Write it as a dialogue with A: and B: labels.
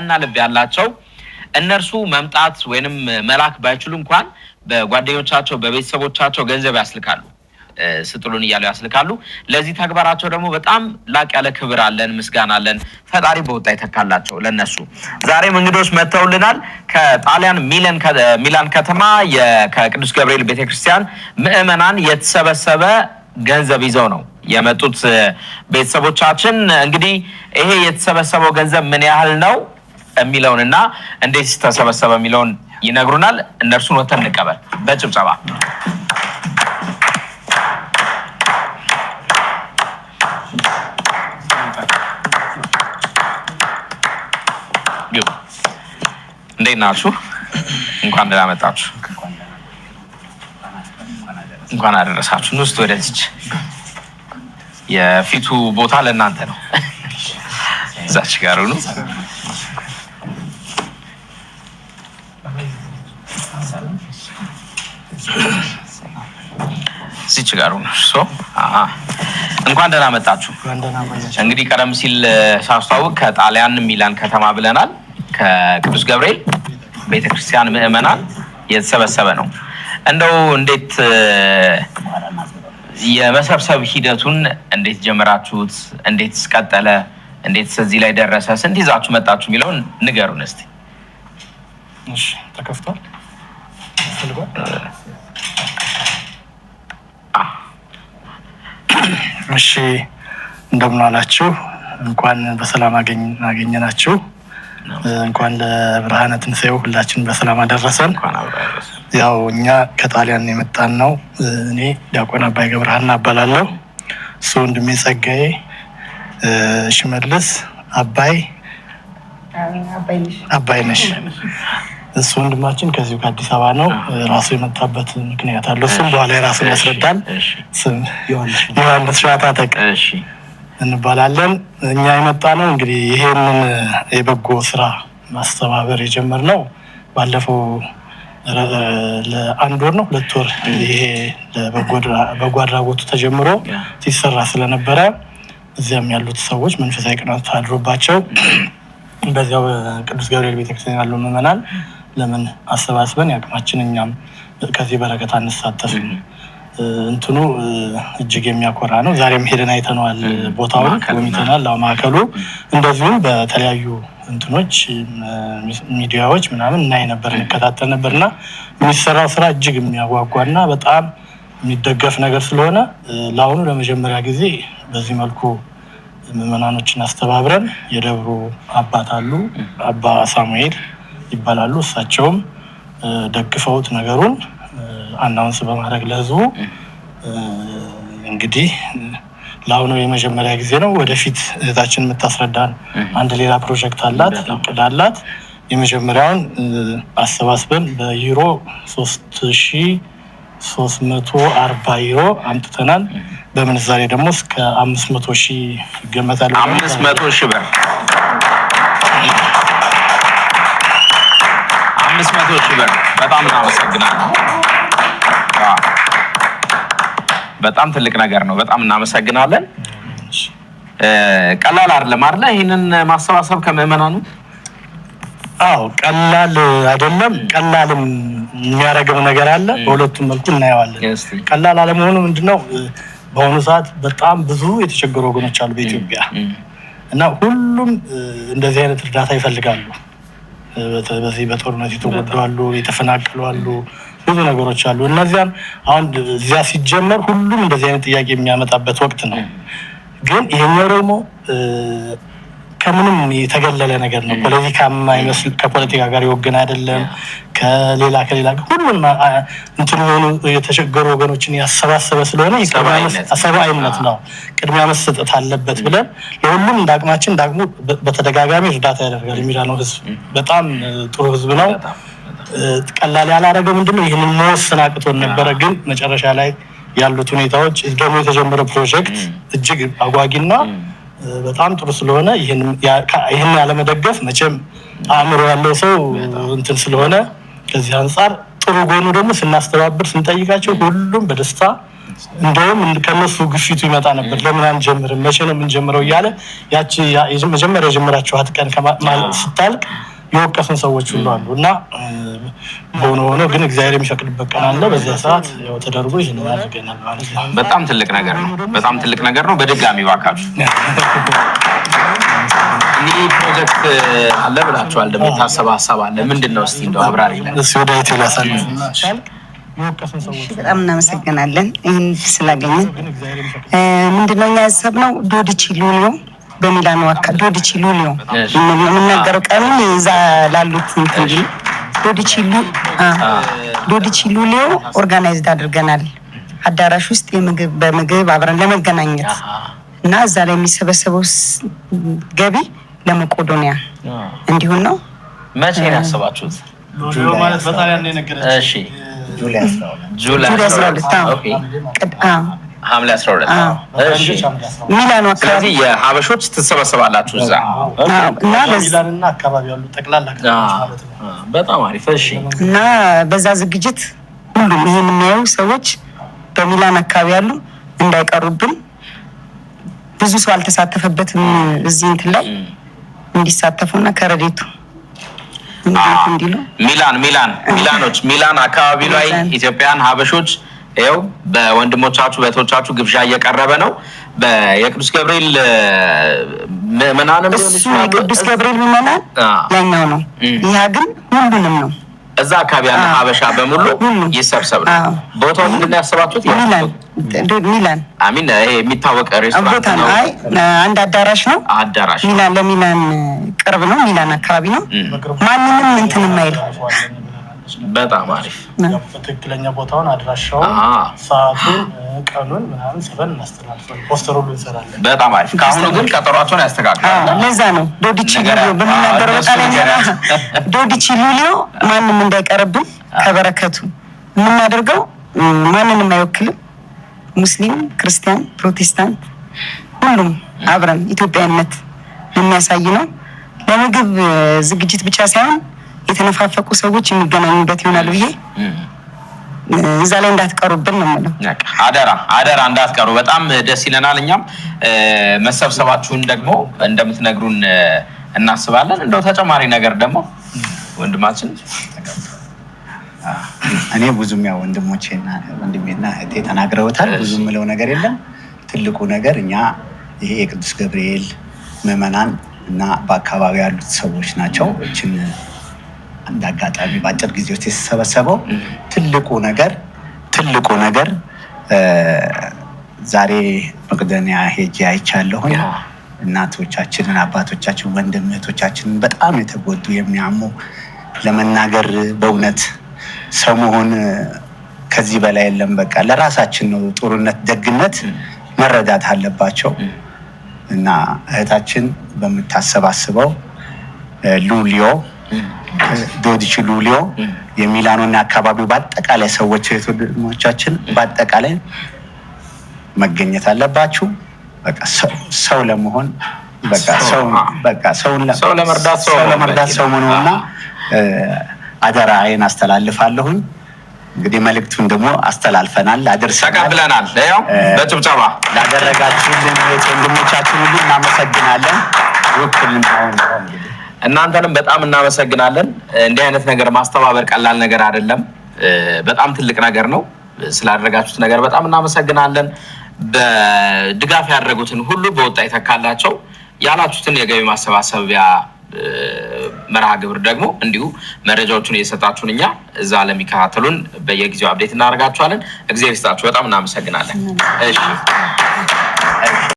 A: ቀና ልብ ያላቸው እነርሱ መምጣት ወይንም መላክ ባይችሉ እንኳን በጓደኞቻቸው በቤተሰቦቻቸው ገንዘብ ያስልካሉ፣ ስጥሉን እያሉ ያስልካሉ። ለዚህ ተግባራቸው ደግሞ በጣም ላቅ ያለ ክብር አለን፣ ምስጋና አለን። ፈጣሪ በወጣ ይተካላቸው ለነሱ። ዛሬም እንግዶች መጥተውልናል። ከጣሊያን ሚላን ከተማ ከቅዱስ ገብርኤል ቤተክርስቲያን ምዕመናን የተሰበሰበ ገንዘብ ይዘው ነው የመጡት ቤተሰቦቻችን። እንግዲህ ይሄ የተሰበሰበው ገንዘብ ምን ያህል ነው? የሚለውን እና እንዴት ተሰበሰበ የሚለውን ይነግሩናል። እነርሱን ወተን እንቀበል በጭብጨባ እንዴት ናችሁ? እንኳን ደህና መጣችሁ፣ እንኳን አደረሳችሁ። ንስት ወደዚች የፊቱ ቦታ ለእናንተ ነው። እዛች ጋር ሁሉ ከአንቺ ጋር ሆነ። እንኳን ደህና መጣችሁ። እንግዲህ ቀደም ሲል ሳስተዋውቅ ከጣሊያን ሚላን ከተማ ብለናል። ከቅዱስ ገብርኤል ቤተክርስቲያን ምዕመናን የተሰበሰበ ነው። እንደው እንዴት የመሰብሰብ ሂደቱን እንዴት ጀምራችሁት? እንዴት ስቀጠለ? እንዴት እዚህ ላይ ደረሰ? ስንት ይዛችሁ መጣችሁ የሚለውን ንገሩን እስቲ። ተከፍቷል
B: እሺ እንደምን አላችሁ? እንኳን በሰላም አገኘናችሁ። እንኳን ለብርሃነ ትንሣኤው ሁላችን በሰላም አደረሰን። ያው እኛ ከጣሊያን የመጣን ነው። እኔ ዲያቆን አባይ ገብረሃና አባላለሁ እሱ ወንድሜ ጸጋዬ ሽመልስ አባይ አባይ ነሽ እሱ ወንድማችን ከዚሁ ከአዲስ አበባ ነው። ራሱ የመጣበት ምክንያት አለው። እሱም በኋላ የራሱን ያስረዳል። ዮሐንስ ሸዋታተቅ እንባላለን። እኛ የመጣ ነው እንግዲህ ይሄንን የበጎ ስራ ማስተባበር የጀመርነው ባለፈው ለአንድ ወር ነው ሁለት ወር ይሄ በጎ አድራጎቱ ተጀምሮ ሲሰራ ስለነበረ እዚያም ያሉት ሰዎች መንፈሳዊ ቅናት አድሮባቸው በዚያው ቅዱስ ገብርኤል ቤተክርስቲያን ያሉ ምዕመናን ለምን አሰባስበን ያቅማችን እኛም ከዚህ በረከት አንሳተፍም? እንትኑ እጅግ የሚያኮራ ነው። ዛሬም ሄደን አይተነዋል። ቦታውን ጎብኝተናል። አዎ ማዕከሉ እንደዚሁም በተለያዩ እንትኖች ሚዲያዎች ምናምን እናይ ነበር፣ እንከታተል ነበር እና የሚሰራው ስራ እጅግ የሚያጓጓና በጣም የሚደገፍ ነገር ስለሆነ ለአሁኑ ለመጀመሪያ ጊዜ በዚህ መልኩ ምዕመናኖችን አስተባብረን የደብሩ አባት አሉ አባ ሳሙኤል ይባላሉ። እሳቸውም ደግፈውት ነገሩን አናውንስ በማድረግ ለህዝቡ እንግዲህ ለአሁኑ የመጀመሪያ ጊዜ ነው። ወደፊት እህታችን የምታስረዳን አንድ ሌላ ፕሮጀክት አላት እቅድ አላት። የመጀመሪያውን አሰባስበን በዩሮ ሶስት ሺ ሶስት መቶ አርባ ዩሮ አምጥተናል። በምንዛሬ ደግሞ እስከ አምስት መቶ ሺህ
A: ይገመታል። አምስት መቶ ሺህ ብር አምስት መቶ ሺህ ብር በጣም እናመሰግናለን። በጣም ትልቅ ነገር ነው። በጣም እናመሰግናለን። ቀላል አይደለም አይደለ? ይህንን ማሰባሰብ ከምዕመናኑ
C: አዎ፣ ቀላል አይደለም። ቀላልም የሚያደርገው ነገር አለ። በሁለቱም መልኩ እናየዋለን። ቀላል አለመሆኑ ምንድነው? በአሁኑ ሰዓት በጣም ብዙ የተቸገሩ ወገኖች አሉ በኢትዮጵያ እና ሁሉም እንደዚህ አይነት እርዳታ ይፈልጋሉ። በዚህ በጦርነት የተጎዱ አሉ፣ የተፈናቀሉ አሉ፣ ብዙ ነገሮች አሉ። እነዚያን አሁን እዚያ ሲጀመር ሁሉም እንደዚህ አይነት ጥያቄ የሚያመጣበት ወቅት ነው። ግን ይሄኛው ደግሞ ከምንም የተገለለ ነገር ነው። ፖለቲካ የማይመስል ከፖለቲካ ጋር የወገን አይደለም። ከሌላ ከሌላ ሁሉም እንትን የሆኑ የተቸገሩ ወገኖችን ያሰባሰበ ስለሆነ ሰብአዊነት ነው፣ ቅድሚያ መሰጠት አለበት ብለን ለሁሉም እንደ አቅማችን እንደ አቅሙ በተደጋጋሚ እርዳታ ያደርጋል። የሚዳነው ህዝብ በጣም ጥሩ ህዝብ ነው። ቀላል ያላረገ ምንድነው ይህንን መወሰን አቅቶን ነበረ፣ ግን መጨረሻ ላይ ያሉት ሁኔታዎች ደግሞ የተጀመረ ፕሮጀክት እጅግ አጓጊና በጣም ጥሩ ስለሆነ ይህን ያለመደገፍ መቼም አእምሮ ያለው ሰው እንትን ስለሆነ ከዚህ አንጻር ጥሩ ጎኑ ደግሞ ስናስተባብር ስንጠይቃቸው ሁሉም በደስታ እንደውም ከነሱ ግፊቱ ይመጣ ነበር። ለምን አንጀምርም? መቼ ነው የምንጀምረው? እያለ ያቺ መጀመሪያ የጀመራችኋት ቀን ስታልቅ የወቀሱን ሰዎች ሁሉ አሉ እና በሆነ ሆኖ ግን እግዚአብሔር የሚፈቅድበት ቀን አለ። በዚያ ሰዓት ያው ተደርጎ ይህን ያደርገናል
A: ማለት ነው። በጣም ትልቅ ነገር ነው። በጣም ትልቅ ነገር ነው። በድጋሚ እባካችሁ ይህ ፕሮጀክት አለ ብላችኋል። ደግሞ የታሰበ ሀሳብ አለ ምንድን ነው? እስቲ እንደው አብራሪ ወደ
D: በጣም እናመሰግናለን ይህን ስላገኘን። ምንድነው እኛ ሀሳብ ነው ዶድቺ ሉሎ በሚላን ዋካ ዶድቺ ሉሊዮ የምነገረው ቀኑ እዛ ላሉት እንትን ዶድቺ ሉሊዮ ኦርጋናይዝድ አድርገናል። አዳራሽ ውስጥ የምግብ በምግብ አብረን ለመገናኘት እና እዛ ላይ የሚሰበሰበው ገቢ ለመቄዶንያ እንዲሁን ነው።
A: መቼ ነው ያሰባችሁት? ጁላይ አስራ ሁለት ሐምሌ አስራ ሁለት ሚላን አካባቢ የሀበሾች ትሰበሰባላችሁ እዛ ሚላንና አካባቢ ያሉ ጠቅላላ በጣም አሪፍ እሺ።
D: እና በዛ ዝግጅት ሁሉም ይህ የምናየው ሰዎች በሚላን አካባቢ ያሉ እንዳይቀሩብን ብዙ ሰው አልተሳተፈበትም እዚህ እንትን ላይ እንዲሳተፉና ከረዴቱ
A: ሚላን ሚላን ሚላኖች ሚላን አካባቢ ላይ ኢትዮጵያን ሀበሾች ይኸው በወንድሞቻችሁ በእህቶቻችሁ ግብዣ እየቀረበ ነው። የቅዱስ ገብርኤል ምዕመናንም
D: እሱ የቅዱስ ገብርኤል ምዕመናን ያኛው ነው። ያ ግን ሁሉንም ነው።
A: እዛ አካባቢ ያለ ሀበሻ በሙሉ ይሰብሰብ ነው። ቦታው ምንድን ነው ያሰባችሁት? ሚላን አሚን። ይሄ የሚታወቅ
D: ሬስቶራንት ነው። አንድ አዳራሽ ነው። አዳራሽ ሚላን ለሚላን ቅርብ ነው። ሚላን አካባቢ ነው። ማንንም እንትን የማይል
A: በጣም አሪፍ ትክክለኛ ቦታውን አድራሻውን፣ ሰዓቱን፣ ቀኑን ምናምን ጽፈን እናስተላልፋል ፖስተሩ ሁሉ እንሰራለን። በጣም አሪፍ። ከአሁኑ ግን ቀጠሯቸውን ያስተካክላል።
D: ለዛ ነው ዶዲቺ ሉሊዮ በምናገረው በቃል ዶዲቺ ሉሊዮ ማንም እንዳይቀርብን ከበረከቱ የምናደርገው ማንንም አይወክልም። ሙስሊም፣ ክርስቲያን፣ ፕሮቴስታንት ሁሉም አብረን ኢትዮጵያዊነት የሚያሳይ ነው። ለምግብ ዝግጅት ብቻ ሳይሆን የተነፋፈቁ ሰዎች የሚገናኙበት ይሆናል ብዬ እዛ ላይ እንዳትቀሩብን ነው የምለው።
A: አደራ አደራ እንዳትቀሩ። በጣም ደስ ይለናል። እኛም መሰብሰባችሁን ደግሞ እንደምትነግሩን እናስባለን። እንደው ተጨማሪ ነገር ደግሞ ወንድማችን
E: እኔ ብዙም ያው ወንድሞቼና ወንድሜና እህቴ ተናግረውታል። ብዙ የምለው ነገር የለም። ትልቁ ነገር እኛ ይሄ የቅዱስ ገብርኤል ምዕመናን እና በአካባቢ ያሉት ሰዎች ናቸው። እችን እንደ አጋጣሚ በአጭር ጊዜ ውስጥ የተሰበሰበው ትልቁ ነገር ትልቁ ነገር ዛሬ መቅደኒያ ሄጄ አይቻለሁ። እናቶቻችንን፣ አባቶቻችን፣ ወንድም እህቶቻችንን በጣም የተጎዱ የሚያሙ ለመናገር በእውነት ሰሞኑን ከዚህ በላይ የለም። በቃ ለራሳችን ነው ጥሩነት፣ ደግነት መረዳት አለባቸው እና እህታችን በምታሰባስበው ሉሊዮ 12 ሉሊዮ የሚላኖ እና አካባቢው በአጠቃላይ ሰዎች እህቶቻችን በአጠቃላይ መገኘት አለባችሁ። በቃ ሰው ለመሆን በቃ ሰው
A: ለመርዳት
E: ሰው መሆንና አደራ አይን አስተላልፋለሁኝ። እንግዲህ መልእክቱን ደግሞ አስተላልፈናል፣ አድርሰናል፣
A: ተቀብለናል። ያው በጭብጨባ ላደረጋችሁልን ወንድሞቻችን ሁሉ እናመሰግናለን። ውክልና እናንተንም በጣም እናመሰግናለን። እንዲህ አይነት ነገር ማስተባበር ቀላል ነገር አይደለም፣ በጣም ትልቅ ነገር ነው። ስላደረጋችሁት ነገር በጣም እናመሰግናለን። በድጋፍ ያደረጉትን ሁሉ በወጣ ይተካላቸው ያላችሁትን የገቢ ማሰባሰቢያ መርሃ ግብር ደግሞ እንዲሁ መረጃዎቹን እየሰጣችሁን እኛ እዛ ለሚከታተሉን በየጊዜው አብዴት እናደርጋችኋለን። እግዚአብሔር ይስጣችሁ። በጣም እናመሰግናለን።